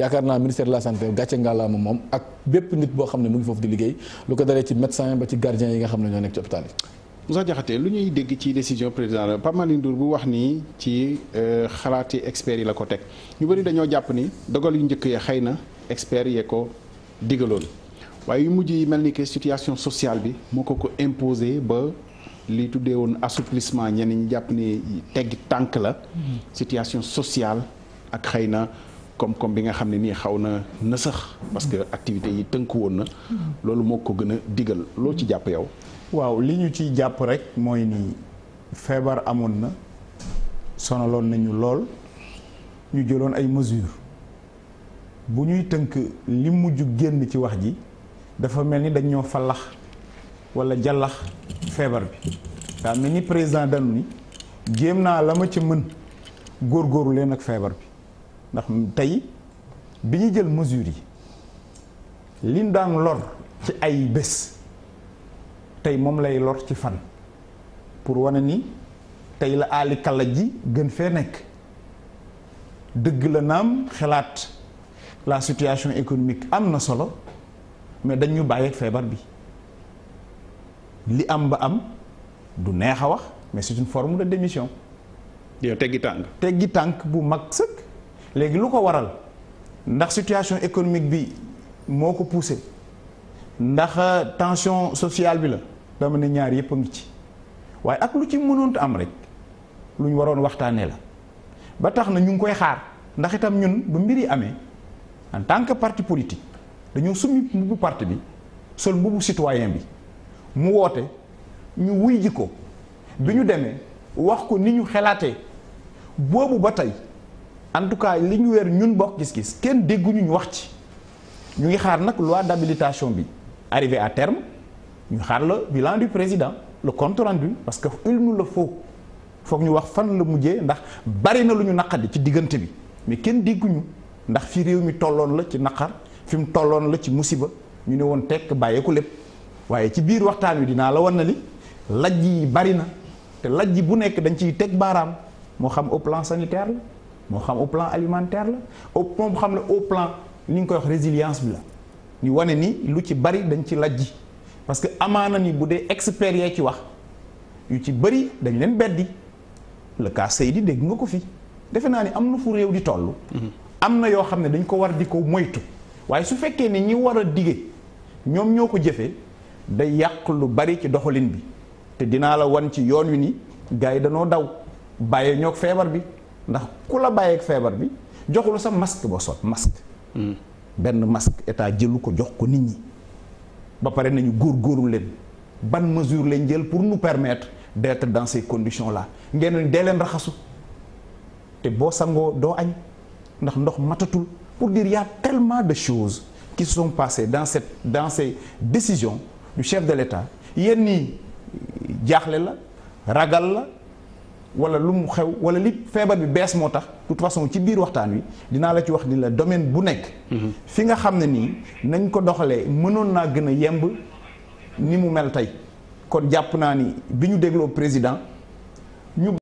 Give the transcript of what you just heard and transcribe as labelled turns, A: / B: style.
A: yaakaar naa ministère de la santé gàcce ngàllaama moom ak bépp nit boo xam ne mu ngi foofu di liggéey lu ko daree ci médecin ba ci gardien yi nga xam ne ñoo nekk ci hôpital yi. Moussa Diakhaté lu ñuy dégg ci décision président Pape bu wax nii ci euh, xalaati experts yi la ko teg ñu bëri dañoo jàpp ni dogal yu njëkk ya xëy na experts yee ko digaloon waaye yu mujj yi mel ni que situation sociale bi moo ko ko imposé ba li tuddee woon assouplissement ñenn ñi jàpp ni teggi tànk la. Mm-hmm. situation koom-koom bi nga xam ne nii xaw na nësëx sax parce que activités yi tënk woon na loolu moo ko gën a digal
B: loo ci jàpp yow waaw li ñu ciy jàpp rek mooy nii feebar amoon na sonaloon nañu lool ñu jëloon ay mesures bu ñuy tënk li mujj génn ci wax ji dafa mel ni dañ fallax falax wala jàllax feebar bi daa mel ni président danu ni jéem naa la ma ca mën góor leen ak feebar bi ndax tey bi ñu jël mesures yi liñ daan lor ci ay bés tey moom lay lor ci fan pour wane ni tey la aali kala ji gën fee nekk dëgg la naam xalaat la situation économique am na solo mais dañ ñu feebar bi li am ba am du neex a wax mais c'est une forme de démission. yow teggi tànk. teggi tànk bu mag sëkk. léegi lu ko waral ndax situation économique bi moo ko poussé ndax euh, tension sociale bi la dama ne ñaar yëpp a ngi ci waaye ak lu ci mënoon am rek lu ñu waroon waxtaanee la ba tax na ñu ngi koy xaar ndax itam ñun ba mbir yi amee en tant que parti politique dañoo summi mbubu parti bi sol mbubu citoyen bi mu woote ñu wuy ji ko bi ñu demee wax ko ni ñu xalaatee boobu ba tey. en tout cas li ñu weer ñun bokk gis-gis kenn dégguñu ñu wax ci ñu ngi xaar nag loi d'habilitation bi arrivé à terme ñu xaar la bilan du président le compte bi parce que il nous le faut foog ñu wax fan la mujjee ndax bari na lu ñu naqadi ci diggante bi mais kenn dégguñu ndax fi réew mi tolloon la ci naqar fi mu tolloon la ci musiba ñu ne woon tekk bàyyeeku lépp waaye ci biir waxtaan wi dinaa la wan na li lajj yi bari na te lajj bu nekk dañ ciy teg baaraam moo xam au moo xam au plan alimentaire la au moom xam ne au plan ni nga koy wax résilience bi la ñu wane ni lu ci bari dañ ci lajji parce que amaana ni bu dee experts yee ci wax yu ci bëri dañ leen beddi le cas Seydi dégg nga ko fi defe naa ni am na fu réew di toll. Mm-hmm. am na yoo xam ne dañ ko war di ko moytu waaye su fekkee ne ñi war a dige ñoom ñoo ko jëfee day yàq lu bari ci doxalin bi te dinaa la wan ci yoon wi ni gars yi danoo daw bàyyee ñoog feebar bi. ndax ku la bàyyeeg feebar bi joxul sa masque ba sot masque. Hmm. benn masque état jëlu ko jox ko nit ñi ba pare nañu góor góorgóorlu leen ban mesure lañ jël pour nous permettre d'être dans ces conditions là ngeen dee leen raxasu te boo sangoo doo añ ndax ndox matatul pour dire y a tellement de choses qui se sont passées dans cette dans ces décisions du chef de l'État yenn yi jaaxle la ragal la wala lu mu xew wala li feebar bi bees moo tax de façon ci biir waxtaan wi dinaa la ci wax ni la domaine bu nekk. Mhm. fi nga xam ne nii nañ ko doxalee mënoon naa gën a yemb ni mu mel tey kon jàpp naa ni bi ñu dégloo président.